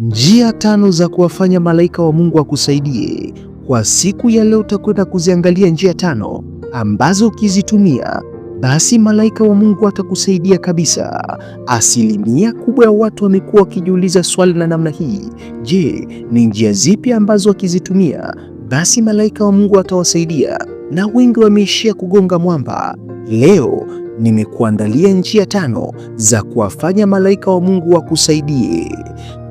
Njia tano za kuwafanya malaika wa Mungu akusaidie. Kwa siku ya leo utakwenda kuziangalia njia tano ambazo ukizitumia basi malaika wa Mungu atakusaidia kabisa. Asilimia kubwa ya watu wamekuwa wakijiuliza swali la namna hii, je, ni njia zipi ambazo wakizitumia basi malaika wa Mungu atawasaidia? Na wengi wameishia kugonga mwamba. Leo nimekuandalia njia tano za kuwafanya malaika wa Mungu wakusaidie.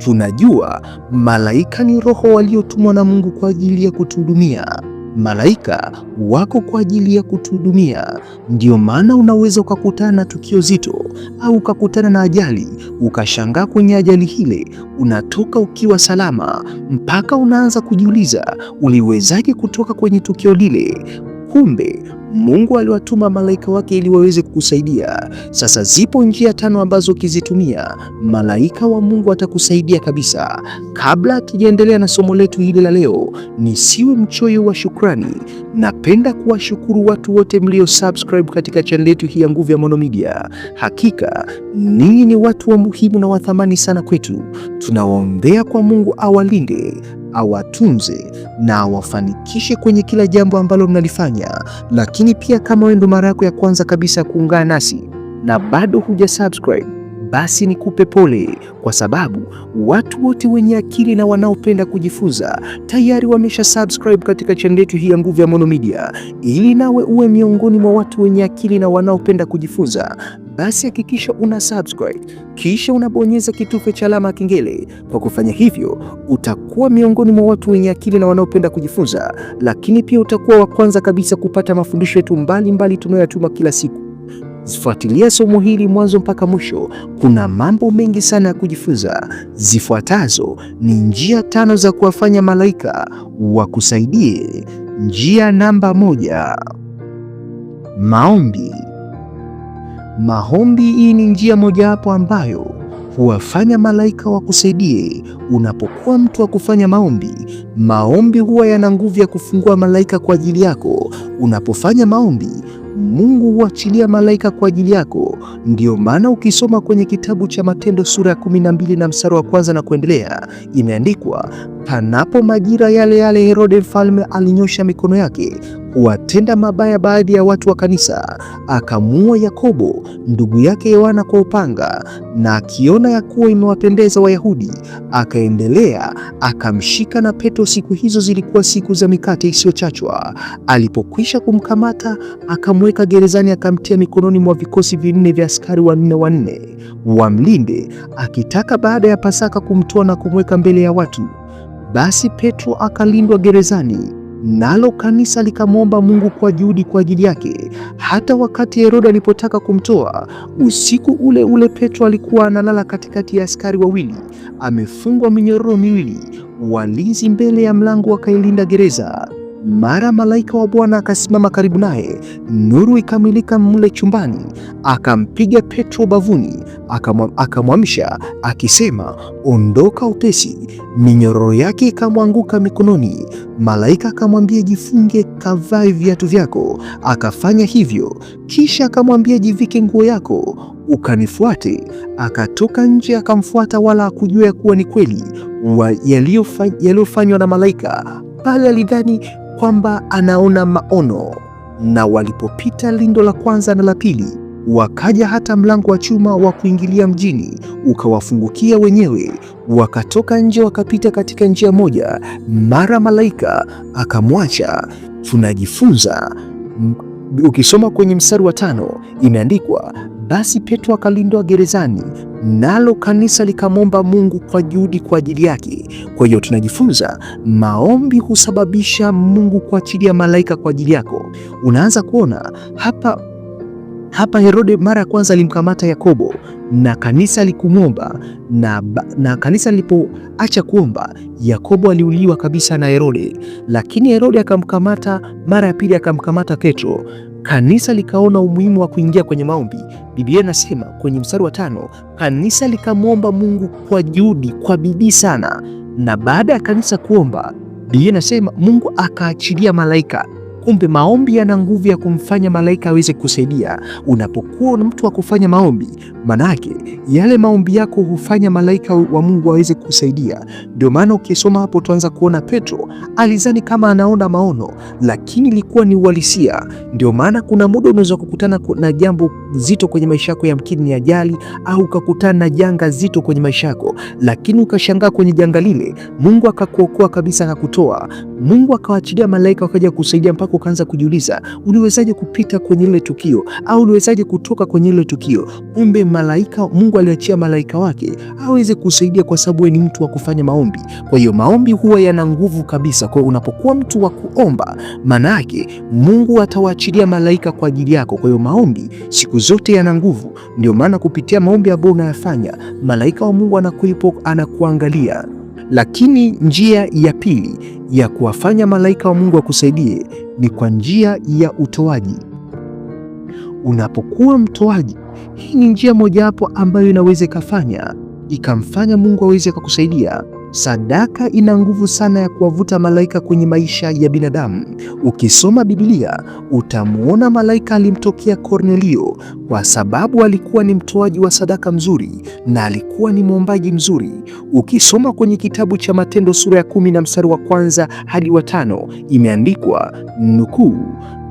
Tunajua malaika ni roho waliotumwa na Mungu kwa ajili ya kutuhudumia. Malaika wako kwa ajili ya kutuhudumia. ndio maana unaweza ukakutana na tukio zito au ukakutana na ajali, ukashangaa kwenye ajali hile unatoka ukiwa salama, mpaka unaanza kujiuliza uliwezaje kutoka kwenye tukio lile. Kumbe Mungu aliwatuma malaika wake ili waweze kukusaidia. Sasa zipo njia tano ambazo ukizitumia malaika wa Mungu atakusaidia kabisa. Kabla tujaendelea na somo letu hili la leo, nisiwe mchoyo wa shukrani, napenda kuwashukuru watu wote mlio subscribe katika channel yetu hii ya Nguvu ya Maono Media. Hakika ninyi ni watu wa muhimu na wathamani sana kwetu. Tunawaombea kwa Mungu awalinde awatunze na awafanikishe kwenye kila jambo ambalo mnalifanya. Lakini pia kama wewe ndo mara yako ya kwanza kabisa kuungana nasi na bado huja subscribe basi nikupe pole, kwa sababu watu wote wenye akili na wanaopenda kujifunza tayari wamesha subscribe katika channel yetu hii ya Nguvu ya Maono Media. Ili nawe uwe miongoni mwa watu wenye akili na wanaopenda kujifunza, basi hakikisha una subscribe kisha unabonyeza kitufe cha alama ya kengele. Kwa kufanya hivyo, utakuwa miongoni mwa watu wenye akili na wanaopenda kujifunza, lakini pia utakuwa wa kwanza kabisa kupata mafundisho yetu mbalimbali tunayoyatuma kila siku. Zifuatilia somo hili mwanzo mpaka mwisho. Kuna mambo mengi sana ya kujifunza. Zifuatazo ni njia tano za kuwafanya malaika wakusaidie. Njia namba moja, maombi. Maombi, hii ni njia mojawapo ambayo huwafanya malaika wakusaidie. Unapokuwa mtu wa kufanya maombi, maombi huwa yana nguvu ya kufungua malaika kwa ajili yako. Unapofanya maombi Mungu huachilia malaika kwa ajili yako. Ndiyo maana ukisoma kwenye kitabu cha Matendo sura ya 12 na mstari wa kwanza na kuendelea, imeandikwa panapo majira yale yale Herode mfalme alinyosha mikono yake kuwatenda mabaya baadhi ya watu wa kanisa, akamuua Yakobo ndugu yake Yohana kwa upanga, na akiona ya kuwa imewapendeza Wayahudi akaendelea, akamshika. Na Petro siku hizo zilikuwa siku za mikate isiyochachwa. Alipokwisha kumkamata akamweka gerezani, akamtia mikononi mwa vikosi vinne vya askari wanne wanne wamlinde, akitaka baada ya Pasaka kumtoa na kumweka mbele ya watu. Basi Petro akalindwa gerezani nalo kanisa likamwomba Mungu kwa juhudi kwa ajili yake. Hata wakati Herode alipotaka kumtoa, usiku ule ule Petro alikuwa analala katikati ya askari wawili, amefungwa minyororo miwili, walinzi mbele ya mlango wakailinda gereza. Mara malaika wa Bwana akasimama karibu naye, nuru ikamilika mle chumbani. Akampiga Petro bavuni, akamwamsha akisema, ondoka upesi. Minyororo yake ikamwanguka mikononi. Malaika akamwambia, jifunge, kavae viatu vyako. Akafanya hivyo, kisha akamwambia, jivike nguo yako, ukanifuate. Akatoka nje, akamfuata, wala hakujua ya kuwa ni kweli yaliyofanywa na malaika. Pale alidhani kwamba anaona maono, na walipopita lindo la kwanza na la pili, wakaja hata mlango wa chuma wa kuingilia mjini ukawafungukia wenyewe, wakatoka nje, wakapita katika njia moja, mara malaika akamwacha. Tunajifunza ukisoma kwenye mstari wa tano imeandikwa, basi Petro akalindwa gerezani, nalo kanisa likamwomba Mungu kwa juhudi kwa ajili yake. Kwa hiyo tunajifunza maombi husababisha Mungu kuachilia malaika kwa ajili yako. Unaanza kuona hapa hapa Herode mara ya kwanza alimkamata Yakobo na kanisa likumwomba na, na kanisa lilipoacha kuomba Yakobo aliuliwa kabisa na Herode, lakini Herode akamkamata mara ya pili, akamkamata Petro. Kanisa likaona umuhimu wa kuingia kwenye maombi. Biblia inasema kwenye mstari wa tano, kanisa likamwomba Mungu kwa juhudi, kwa bidii sana, na baada ya kanisa kuomba, Biblia inasema Mungu akaachilia malaika Kumbe maombi yana nguvu ya kumfanya malaika aweze kusaidia. Unapokuwa na mtu wa kufanya maombi, manake yale maombi yako hufanya malaika wa Mungu aweze kusaidia. Ndio maana ukisoma hapo tuanza kuona Petro alizani kama anaona maono, lakini ilikuwa ni uhalisia. Ndio maana kuna muda unaweza kukutana na jambo zito kwenye maisha yako, yamkini ni ajali, au ukakutana na janga zito kwenye maisha yako, lakini ukashangaa kwenye janga lile Mungu akakuokoa kabisa, akakutoa. Mungu akawaachilia malaika wakaja kusaidia mpaka wako ukaanza kujiuliza uliwezaje kupita kwenye ile tukio au uliwezaje kutoka kwenye ile tukio. Kumbe malaika Mungu aliachia malaika wake aweze kusaidia, kwa sababu ni mtu wa kufanya maombi. Kwa hiyo maombi huwa yana nguvu kabisa. Kwa hiyo unapokuwa mtu wa kuomba, maana yake Mungu atawaachilia malaika kwa ajili yako. Kwa hiyo maombi siku zote yana nguvu, ndio maana kupitia maombi ambayo unayafanya malaika wa Mungu anakuipo, anakuangalia lakini njia ya pili ya kuwafanya malaika wa Mungu akusaidie ni kwa njia ya utoaji. Unapokuwa mtoaji, hii ni njia mojawapo ambayo inaweza ikafanya ikamfanya Mungu aweze akakusaidia Sadaka ina nguvu sana ya kuwavuta malaika kwenye maisha ya binadamu. Ukisoma Biblia utamwona malaika alimtokea Kornelio kwa sababu alikuwa ni mtoaji wa sadaka mzuri na alikuwa ni mwombaji mzuri. Ukisoma kwenye kitabu cha Matendo sura ya kumi na mstari wa kwanza hadi wa tano imeandikwa nukuu,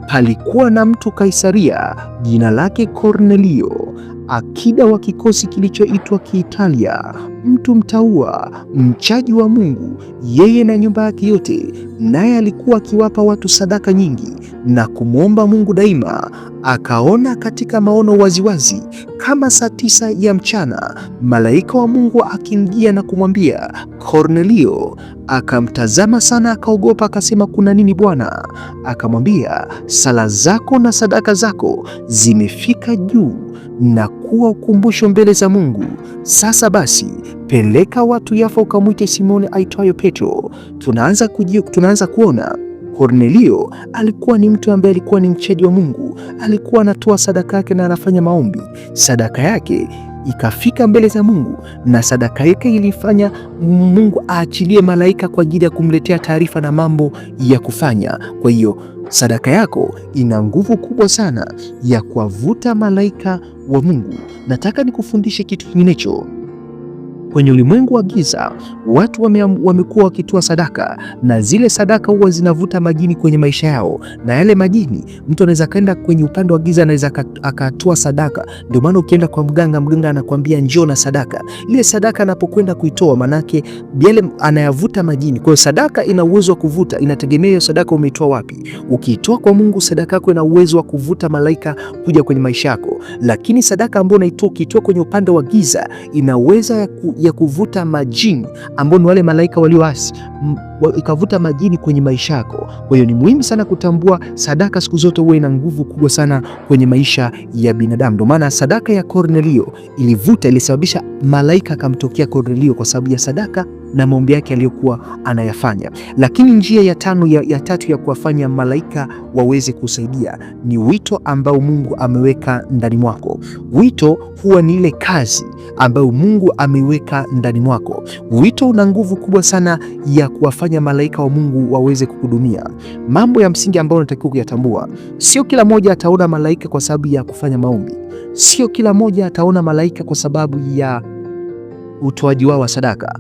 palikuwa na mtu Kaisaria jina lake Kornelio, akida wa kikosi kilichoitwa Kiitalia mtu mtaua, mchaji wa Mungu, yeye na nyumba yake yote, naye alikuwa akiwapa watu sadaka nyingi na kumwomba Mungu daima. Akaona katika maono waziwazi kama saa tisa ya mchana malaika wa Mungu akimjia na kumwambia Kornelio. Akamtazama sana akaogopa, akasema kuna nini Bwana? Akamwambia, sala zako na sadaka zako zimefika juu na kuwa ukumbusho mbele za Mungu. Sasa basi, peleka watu Yafa ukamwite Simoni aitwayo Petro. Tunaanza kujio, tunaanza kuona Kornelio alikuwa ni mtu ambaye alikuwa ni mchaji wa Mungu, alikuwa anatoa sadaka yake na anafanya maombi. Sadaka yake ikafika mbele za Mungu, na sadaka yake ilifanya Mungu aachilie malaika kwa ajili ya kumletea taarifa na mambo ya kufanya. Kwa hiyo sadaka yako ina nguvu kubwa sana ya kuwavuta malaika wa Mungu. Nataka nikufundishe kitu kinginecho. Kwenye ulimwengu wa giza, watu wamekuwa wakitoa sadaka na zile sadaka huwa zinavuta majini kwenye maisha yao, na yale majini, mtu anaweza kaenda kwenye upande wa giza, anaweza akatoa sadaka. Ndio maana ukienda kwa mganga, mganga anakuambia njoo na sadaka. Ile sadaka anapokwenda kuitoa, manake yale anayavuta majini. Kwa hiyo sadaka ina uwezo wa kuvuta, inategemea hiyo sadaka umeitoa wapi. Ukiitoa kwa Mungu, sadaka yako ina uwezo wa kuvuta malaika kuja kwenye maisha yako, lakini sadaka ambayo unaitoa, ukiitoa kwenye upande wa giza, inaweza ya kuvuta majini, ambao ni wale malaika walioasi, ikavuta majini kwenye maisha yako. Kwa hiyo ni muhimu sana kutambua sadaka siku zote huwa ina nguvu kubwa sana kwenye maisha ya binadamu. Ndio maana sadaka ya Kornelio ilivuta, ilisababisha malaika akamtokea Kornelio kwa sababu ya sadaka na maombi yake aliyokuwa anayafanya. Lakini njia ya tano ya, ya tatu ya kuwafanya malaika waweze kusaidia ni wito ambao Mungu ameweka ndani mwako. Wito huwa ni ile kazi ambayo Mungu ameweka ndani mwako. Wito una nguvu kubwa sana ya kuwafanya malaika wa Mungu waweze kuhudumia. Mambo ya msingi ambayo unatakiwa kuyatambua, sio kila mmoja ataona malaika kwa sababu ya kufanya maombi, sio kila mmoja ataona malaika kwa sababu ya utoaji wao wa sadaka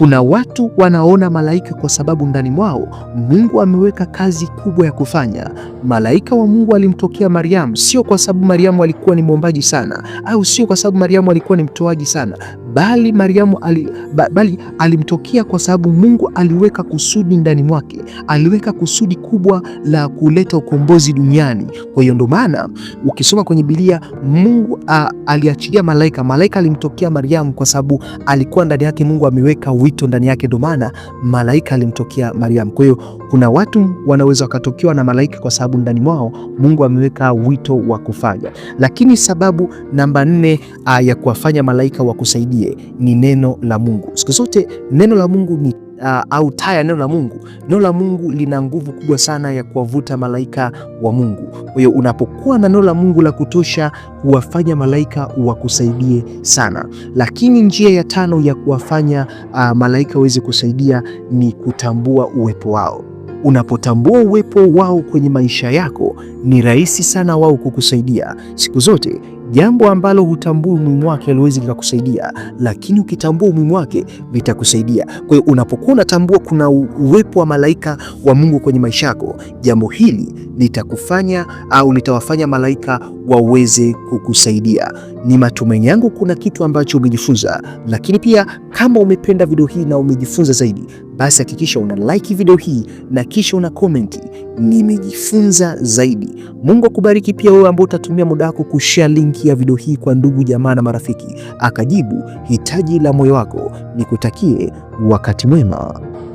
kuna watu wanaona malaika kwa sababu ndani mwao Mungu ameweka kazi kubwa ya kufanya. Malaika wa Mungu alimtokea Mariamu sio kwa sababu Mariamu alikuwa ni mwombaji sana, au sio kwa sababu Mariamu alikuwa ni mtoaji sana, bali Mariamu ali, bali alimtokea kwa sababu Mungu aliweka kusudi ndani mwake, aliweka kusudi kubwa la kuleta ukombozi duniani. Kwa hiyo ndo maana ukisoma kwenye Biblia Mungu a, aliachilia malaika, malaika alimtokea Mariamu kwa sababu alikuwa ndani yake, Mungu ameweka wito ndani yake, ndo maana malaika alimtokea Mariamu. Kwa hiyo kuna watu wanaweza wakatokewa na malaika kwa sababu ndani mwao Mungu ameweka wito wa kufanya, lakini sababu namba nne ya kuwafanya malaika wakusaidia tuangalie ni neno la Mungu. Siku zote neno la Mungu ni Uh, au taa ya neno la Mungu. Neno la Mungu lina nguvu kubwa sana ya kuwavuta malaika wa Mungu. Kwa hiyo unapokuwa na neno la Mungu la kutosha, huwafanya malaika wakusaidie sana. Lakini njia ya tano ya kuwafanya uh, malaika waweze kusaidia ni kutambua uwepo wao. Unapotambua uwepo wao kwenye maisha yako, ni rahisi sana wao kukusaidia siku zote jambo ambalo hutambui umuhimu wake haliwezi likakusaidia, lakini ukitambua umuhimu wake vitakusaidia. Kwa hiyo unapokuwa unatambua kuna uwepo wa malaika wa Mungu kwenye maisha yako, jambo hili litakufanya au litawafanya malaika waweze kukusaidia. Ni matumaini yangu kuna kitu ambacho umejifunza, lakini pia kama umependa video hii na umejifunza zaidi basi hakikisha una like video hii na kisha una comment nimejifunza zaidi. Mungu akubariki pia wewe ambao utatumia muda wako kushare linki ya video hii kwa ndugu jamaa na marafiki, akajibu hitaji la moyo wako. Nikutakie wakati mwema.